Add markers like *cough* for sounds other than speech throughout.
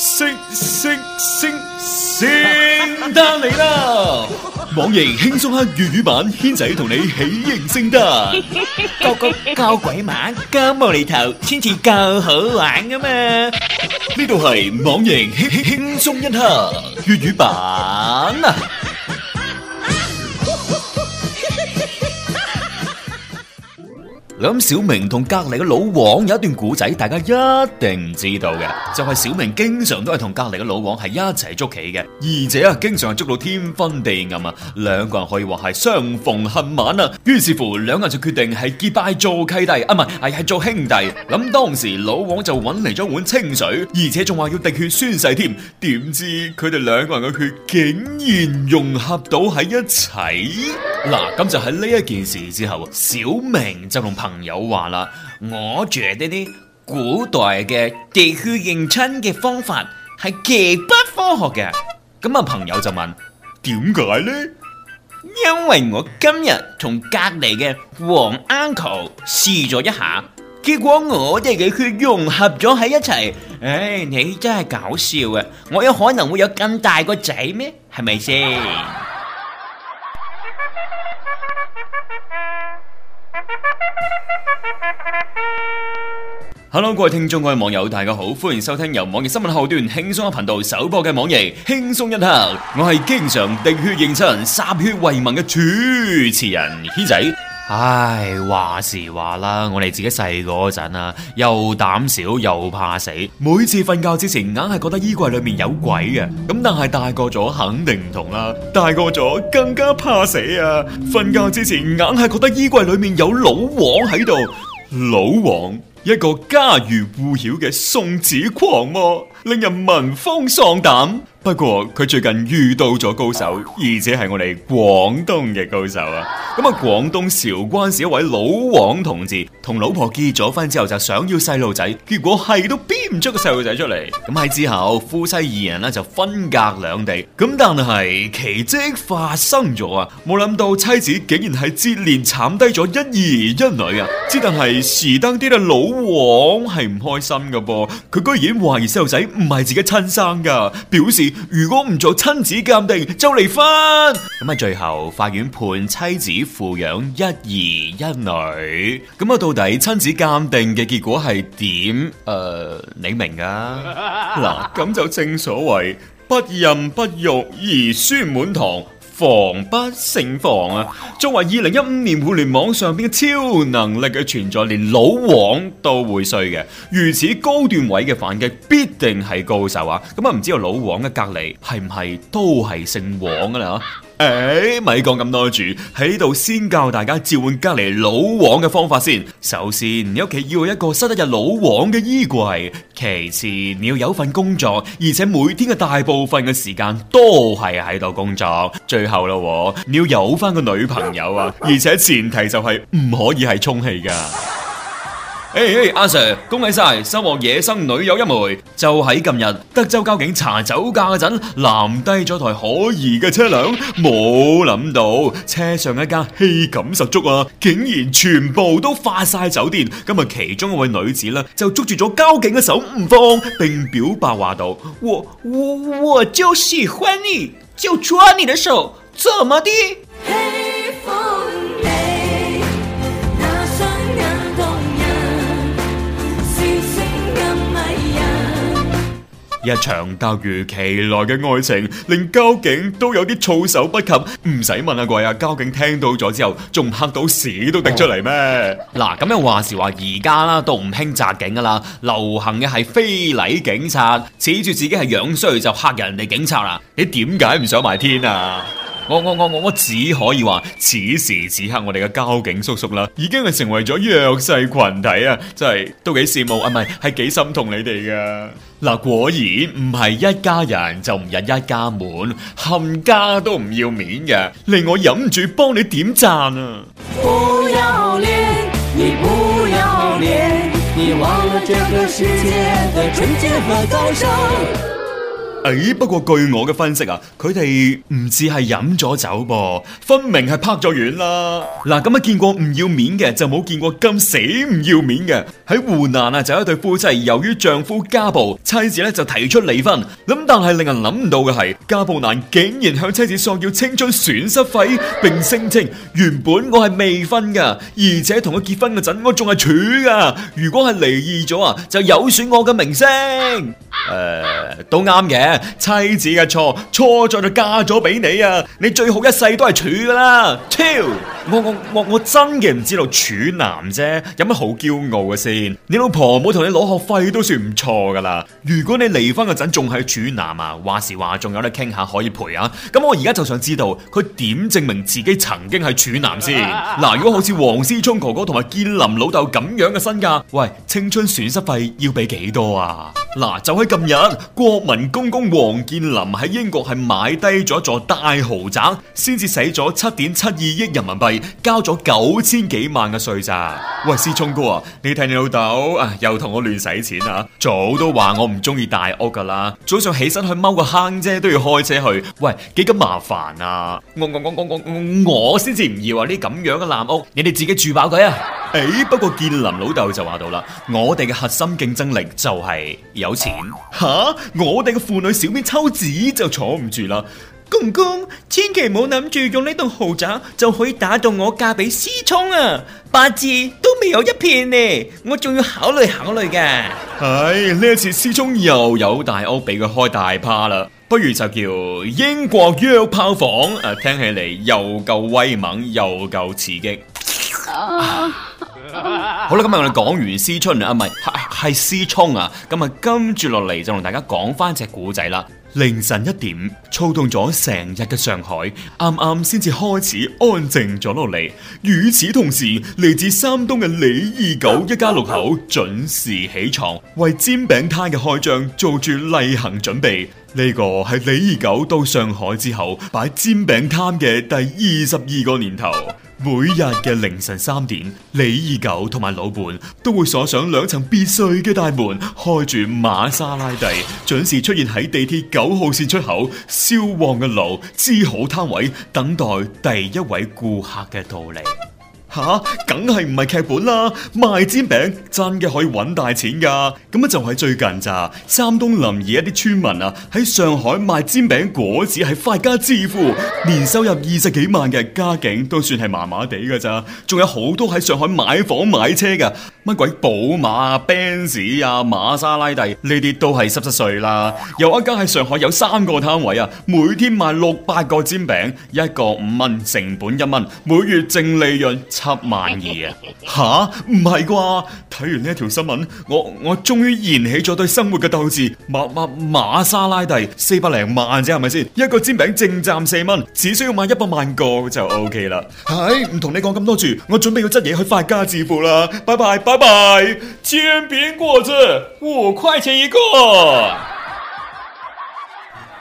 聖聖聖聖誕嚟啦！網易輕鬆一刻粵語版，軒仔同你喜迎聖誕， *laughs* 個個夠鬼馬，夠無厘頭，先至夠好玩啊嘛！呢度係網易輕，輕，輕鬆一刻粵語版啊！噉小明同隔籬嘅老王有一段古仔，大家一定知道嘅，就係小明經常都係同隔籬嘅老王係一齊捉棋嘅，而且啊，經常係捉到天昏地暗啊，兩個人可以話係相逢恨晚啊。於是乎，兩人就決定係結拜做契弟啊，唔係，係做兄弟。噉當時老王就揾嚟咗碗清水，而且仲話要滴血宣誓添。點知佢哋兩個人嘅血竟然融合到喺一齊。嗱、啊，咁就喺呢一件事之後，小明就同朋友話啦，我覺得啲古代嘅滴血認親嘅方法係極不科學嘅。咁啊，朋友就問：點解呢？因為我今日同隔籬嘅黃 uncle 試咗一下，結果我哋嘅血融合咗喺一齊。唉、哎，你真係搞笑啊！我有可能會有咁大個仔咩？係咪先？Hello，各位聽眾，各位網友，大家好，歡迎收聽由網易新聞後端輕，輕鬆一頻道首播嘅網易輕鬆一刻。我係經常滴血認親、灑血為盟嘅主持人謙仔。唉，話時話啦，我哋自己細嗰陣啊，又膽小又怕死，每次瞓覺之前，硬係覺得衣櫃裏面有鬼嘅、啊。咁但係大個咗，肯定唔同啦、啊。大個咗更加怕死啊！瞓覺之前，硬係覺得衣櫃裏面有老王喺度，老王。一個家喻戶曉嘅送子狂魔啊。令人聞風喪膽。不過佢最近遇到咗高手，而且係我哋廣東嘅高手啊。咁啊，廣東韶關市一位老王同志，同老婆結咗婚之後就想要細路仔，結果係都編唔出個細路仔出嚟。咁喺之後，夫妻二人呢就分隔兩地。咁但係奇跡發生咗啊！冇諗到妻子竟然係接連產低咗一兒一女啊！只但係時登啲嘅老王係唔開心噶噃，佢居然懷疑細路仔。唔係自己親生噶，表示如果唔做親子鑑定就離婚。咁啊，最後法院判妻，妻子撫養一兒一女。咁啊，到底親子鑑定嘅結果係點？誒、呃，你明噶？嗱，咁就正所謂不孕不育，兒孫滿堂。防不勝防啊！作為二零一五年互聯網上邊嘅超能力嘅存在，連老王都會衰嘅。如此高段位嘅反擊，必定係高手啊！咁啊，唔知道老王嘅隔離係唔係都係姓王㗎啦？誒，咪講咁多住，喺度先教大家召喚隔籬老王嘅方法先。首先，你屋企要有一個塞得入老王嘅衣櫃；其次，你要有份工作，而且每天嘅大部分嘅時間都係喺度工作；最後啦，你要有翻個女朋友啊，而且前提就係唔可以係充氣噶。誒誒，阿、hey, hey, Sir，恭喜晒收穫野生女友一枚！就喺近日，德州交警查酒駕嗰陣，攔低咗台可疑嘅車輛，冇諗到車上一架氣感十足啊，竟然全部都化晒酒店。今日其中一位女子呢，就捉住咗交警嘅手唔放，並表白話道：我我我就喜歡你，就抓你的手，怎麼的？一場突如其來嘅愛情，令交警都有啲措手不及。唔使問阿貴啊，交警聽到咗之後，仲嚇到屎都滴出嚟咩？嗱、嗯，咁樣話時話，而家啦都唔興襲警㗎喇，流行嘅係非禮警察，恃住自己係樣衰就嚇人哋警察啦。你點解唔想埋天啊？我我我我我只可以話，此時此刻我哋嘅交警叔叔啦，已經係成為咗弱勢群體啊！真係都幾羨慕啊，唔係係幾心痛你哋噶。嗱、啊，果然唔係一家人就唔入一家門，冚家都唔要面嘅，令我忍唔住幫你點讚啊！不要臉，你不要臉，你忘了這個世界的純潔和高尚。誒、哎，不過據我嘅分析啊，佢哋唔似係飲咗酒噃，分明係拍咗遠啦。嗱，咁啊見過唔要面嘅，就冇見過咁死唔要面嘅。喺湖南啊，就有一對夫妻，由於丈夫家暴，妻子咧就提出離婚。咁但係令人諗唔到嘅係，家暴男竟然向妻子索要青春損失費，並聲稱原本我係未婚噶，而且同佢結婚嗰陣我仲係處噶。如果係離異咗啊，就有損我嘅名聲。誒、呃，都啱嘅。妻子嘅錯，錯在就嫁咗俾你啊！你最好一世都係處噶啦，超！我我我我真嘅唔知道處男啫，有乜好驕傲嘅先？你老婆冇同你攞學費都算唔錯噶啦。如果你離婚嗰陣仲係處男啊，話時話仲有得傾下可以賠啊。咁、嗯、我而家就想知道佢點證明自己曾經係處男先？嗱、嗯，如果好似黃思聰哥哥同埋建林老豆咁樣嘅身價，喂，青春損失費要俾幾多啊？嗱、嗯，就喺今日國民公公。王健林喺英國係買低咗一座大豪宅，先至使咗七點七二億人民幣，交咗九千幾萬嘅稅咋？喂，思聰哥啊，你睇你老豆啊，又同我亂使錢啊！早都話我唔中意大屋噶啦，早上起身去踎個坑啫，都要開車去，喂，幾咁麻煩啊！我、嗯嗯嗯、我我我我我先至唔要啊！呢咁樣嘅爛屋，你哋自己住飽佢啊！誒、哎，不過健林老豆就話到啦，我哋嘅核心競爭力就係有錢吓，我哋嘅婦女小妹抽子就坐唔住啦。公公，千祈冇諗住用呢棟豪宅就可以打動我嫁俾思聰啊，八字都未有一片呢，我仲要考慮考慮嘅。唉、哎，呢一次思聰又有大屋俾佢開大趴啦，不如就叫英國約炮房啊，聽起嚟又夠威猛又夠刺激。啊啊 *laughs* 好啦，今日我哋講完思春啊，唔係係思聰啊，咁啊跟住落嚟，就同大家講翻隻古仔啦。凌晨一點，躁動咗成日嘅上海，啱啱先至開始安靜咗落嚟。與此同時，嚟自山東嘅李二狗一家六口準時起床，為煎餅攤嘅開張做住例行準備。呢個係李二狗到上海之後擺煎餅攤嘅第二十二個年頭。每日嘅凌晨三點，李二狗同埋老伴都會鎖上兩層別墅嘅大門，開住瑪莎拉蒂，準時出現喺地鐵九號線出口燒旺嘅爐支好攤位，等待第一位顧客嘅到嚟。吓，梗係唔係劇本啦！賣煎餅真嘅可以揾大錢噶、啊，咁啊就係最近咋。山東臨沂一啲村民啊喺上海賣煎餅果子係發家致富，年收入二十幾萬嘅家境都算係麻麻地噶咋。仲有好多喺上海買房買車嘅，乜鬼寶馬啊、奔馳啊、瑪莎拉蒂呢啲都係濕濕碎啦。有一家喺上海有三個攤位啊，每天賣六百個煎餅，一個五蚊，成本一蚊，每月淨利潤。七萬二啊！吓，唔係啩？睇完呢一條新聞，我我終於燃起咗對生活嘅鬥志，抹抹馬莎拉蒂四百零萬啫，係咪先？一個煎餅淨賺四蚊，只需要賣一百萬個就 OK 啦。係唔同你講咁多住，我準備要執嘢去發家致富啦。拜拜拜拜，煎餅果子五塊錢一個。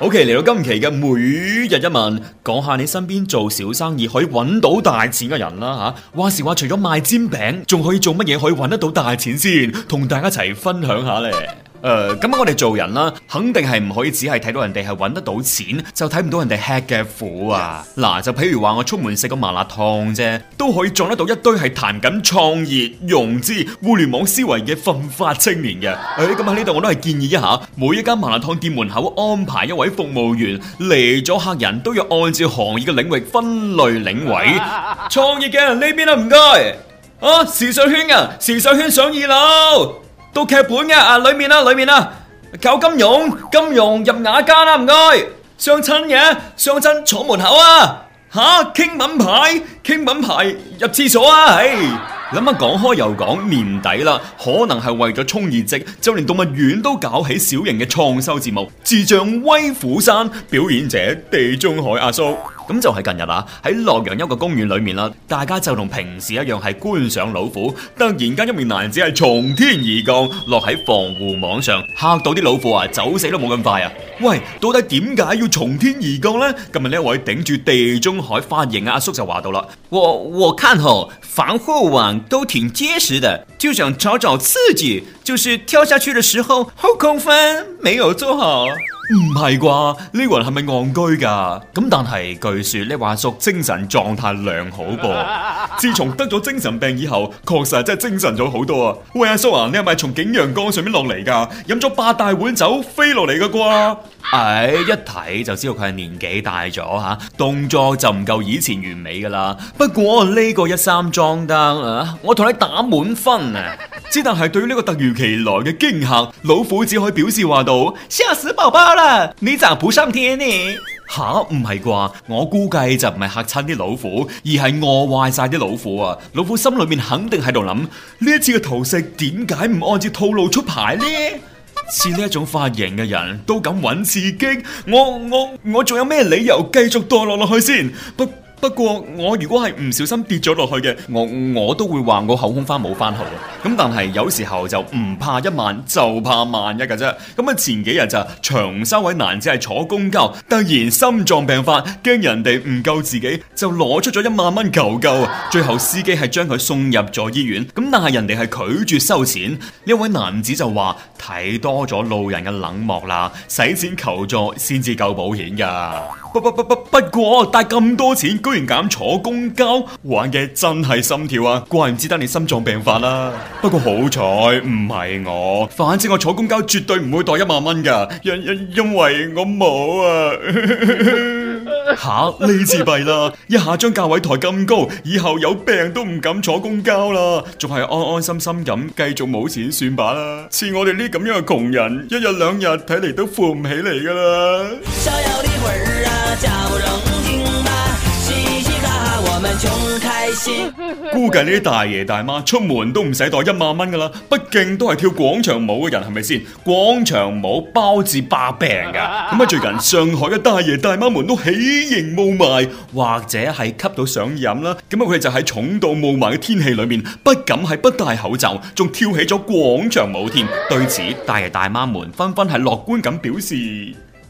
Ok，嚟到今期嘅每日一問，講下你身邊做小生意可以搵到大錢嘅人啦吓。話時話，除咗賣煎餅，仲可以做乜嘢可以搵得到大錢先？同大家一齊分享下咧。 *laughs* 誒，咁、呃、我哋做人啦，肯定係唔可以只係睇到人哋係揾得到錢，就睇唔到人哋吃嘅苦啊！嗱、啊，就譬如話我出門食個麻辣燙啫，都可以撞得到一堆係談緊創業、融資、互聯網思維嘅奮發青年嘅。誒、欸，咁喺呢度我都係建議一下，每一間麻辣燙店門口安排一位服務員，嚟咗客人，都要按照行業嘅領域分類領域，領位創業嘅人呢邊啦，唔該、啊。啊，時尚圈啊，時尚圈上二樓。到劇本嘅啊，裏面啦、啊，裏面啦、啊，搞金融，金融入雅間啦、啊，唔該，相親嘅、啊、相親坐門口啊，吓，傾品牌，傾品牌入廁所啊，嘿，諗一講開又講年底啦，可能係為咗衝業績，就連動物園都搞起小型嘅創收節目，智障威虎山表演者地中海阿叔。咁就係近日啊，喺洛陽一個公園裏面啦，大家就同平時一樣係觀賞老虎，突然間一名男子係從天而降，落喺防護網上，嚇到啲老虎啊，走死都冇咁快啊！喂，到底點解要從天而降呢？今日呢一位頂住地中海髮型嘅阿叔就話到啦：，我我看嗬，防護網都挺結實的，就想找找刺激，就是跳下去的時候後空翻沒有做好。唔係啩？呢個人係咪戇居噶？咁但係據說呢華叔精神狀態良好噃。自從得咗精神病以後，確實係真係精神咗好多啊！喂，阿叔啊，你係咪從景陽岡上面落嚟噶？飲咗八大碗酒飛落嚟嘅啩？唉、哎，一睇就知道佢係年紀大咗吓、啊，動作就唔夠以前完美噶啦。不過呢個一三裝燈啊，我同你打滿分啊！只但係對於呢個突如其來嘅驚嚇，老虎只可以表示話到：，嚇死寶寶！你咋補心添呢？吓、啊，唔係啩？我估計就唔係吓親啲老虎，而係餓壞晒啲老虎啊！老虎心裏面肯定喺度諗：呢一次嘅投食點解唔按照套路出牌呢？似呢一種髮型嘅人都敢搵刺激，我我我仲有咩理由繼續墮落落去先？不。不過我如果係唔小心跌咗落去嘅，我我都會話我後空翻冇翻好。咁但係有時候就唔怕一萬就怕萬一嘅啫。咁啊前幾日就長沙位男子係坐公交突然心臟病發，驚人哋唔救自己，就攞出咗一萬蚊求救。最後司機係將佢送入咗醫院。咁但係人哋係拒絕收錢。呢位男子就話睇多咗路人嘅冷漠啦，使錢求助先至夠保險噶。不不不不，不過帶咁多錢，居然敢坐公交，玩嘅真係心跳啊！怪唔之得你心臟病發啦啊。不過好彩唔係我，反正我坐公交絕對唔會袋一萬蚊噶，因因為我冇啊。吓， *laughs* 呢次弊啦，一下將價位抬咁高，以後有病都唔敢坐公交啦，仲係安安心心咁繼續冇錢算吧啦。似我哋呢咁樣嘅窮人，一日兩日睇嚟都富唔起嚟噶啦。我嘻嘻哈哈，開心。估計呢啲大爺大媽出門都唔使袋一萬蚊噶啦，畢竟都係跳廣場舞嘅人，係咪先？廣場舞包治百病噶。咁啊，最近上海嘅大爺大媽們都喜迎霧霾，或者係吸到上癮啦。咁啊，佢哋就喺重度霧霾嘅天氣裏面，不僅係不戴口罩，仲跳起咗廣場舞添。對此，大爺大媽們紛紛係樂觀咁表示。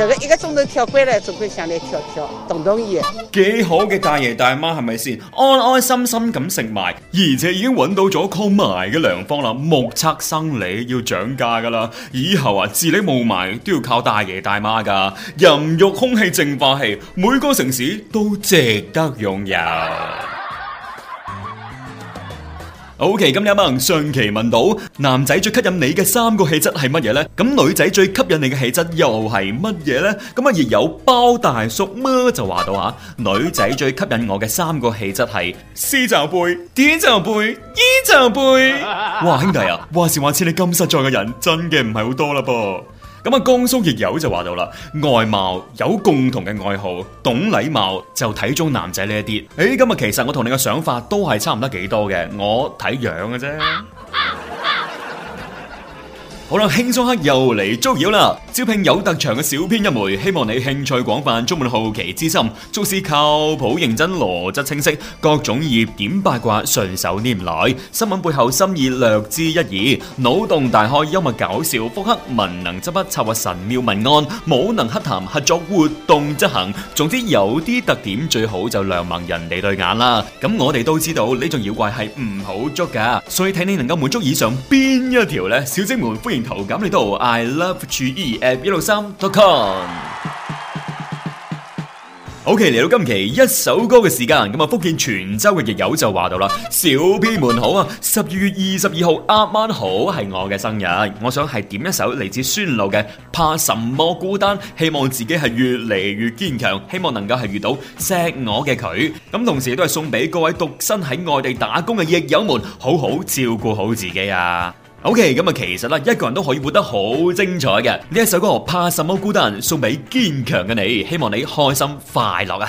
一個一個鐘頭跳慣啦，總會想嚟跳跳動動意？懂懂幾好嘅大爺大媽係咪先？安安心心咁食埋，而且已經揾到咗抗霾嘅良方啦。目測生理要漲價噶啦，以後啊治理霧霾都要靠大爺大媽噶。人肉空氣淨化器，每個城市都值得擁有。好嘅，咁、okay, 你有冇上期問到男仔最吸引你嘅三個氣質係乜嘢呢？咁女仔最吸引你嘅氣質又係乜嘢呢？」咁啊，亦有包大叔咩就話到啊，女仔最吸引我嘅三個氣質係 C 罩杯、D 罩杯、E 罩杯。哇，兄弟啊， *laughs* 話時話，似你咁實在嘅人，真嘅唔係好多啦噃。咁啊，江蘇亦友就話到啦，外貌有共同嘅愛好，懂禮貌，就睇中男仔呢一啲。誒、欸，今日其實我同你嘅想法都係差唔多幾多嘅，我睇樣嘅啫。啊啊啊好啦輕鬆黑又嚟捉妖啦！招聘有特長嘅小編一枚，希望你興趣廣泛，充滿好奇之心，做事靠譜認真，邏輯清晰，各種熱點八卦順手拈來，新聞背後深意略知一二，腦洞大開，幽默搞笑，腹黑文能執筆策劃神妙文案，武能洽談合作活動執行。總之有啲特點最好就亮盲人哋對眼啦！咁我哋都知道呢種妖怪係唔好捉噶，所以睇你能夠滿足以上邊一條呢，小姐們歡迎。投感情到 I Love G E a p 一六三 .com，OK 嚟到今期一首歌嘅時間，咁啊福建泉州嘅益友就話到啦，小編們好啊，十二月二十二號啱啱好係我嘅生日，我想係點一首嚟自孫露嘅《怕什麼孤單》，希望自己係越嚟越堅強，希望能夠係遇到錫我嘅佢，咁同時都係送俾各位獨身喺外地打工嘅益友們，好好照顧好自己啊！O K，咁啊，okay, 其實啦，一個人都可以活得好精彩嘅。呢首歌《我怕什麼孤單》，送俾堅強嘅你，希望你開心快樂啊！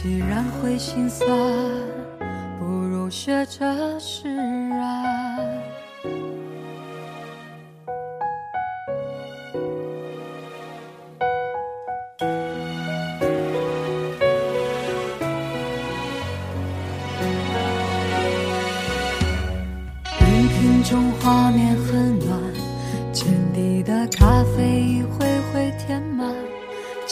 既然會心酸，不如學着釋然。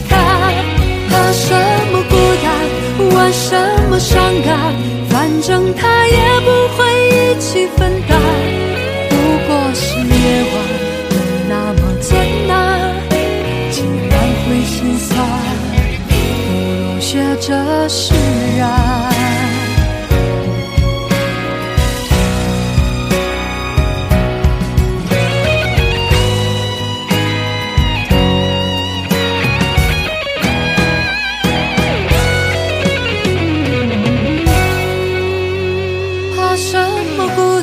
怕什麼孤單？玩什麼傷感？反正他也。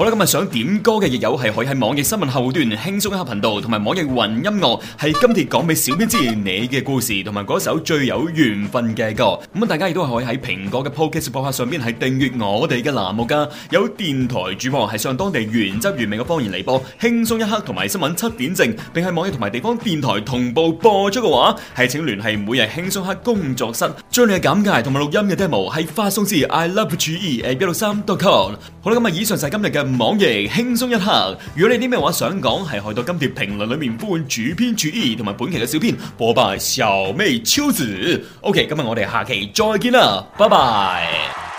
好啦，今日想點歌嘅友係可以喺網易新聞後端輕鬆一刻頻道同埋網易雲音樂，係今次講俾小編知你嘅故事同埋嗰首最有緣分嘅歌。咁啊，大家亦都係可以喺蘋果嘅 Podcast 播客上邊係訂閱我哋嘅欄目噶。有電台主播係上當地原汁原味嘅方言嚟播輕鬆一刻同埋新聞七點正，並喺網易同埋地方電台同步播出嘅話，係請聯繫每日輕鬆一刻工作室，將你嘅簡介同埋錄音嘅 demo 喺發送至 i love g e 誒一六三 dot com。好啦，咁啊以上就係今日嘅。網易輕鬆一刻，如果你啲咩話想講，係去到今條評論裏面歡迎主編注意同埋本期嘅小編播小子 okay，拜拜，稍微超字。OK，今日我哋下期再見啦，拜拜。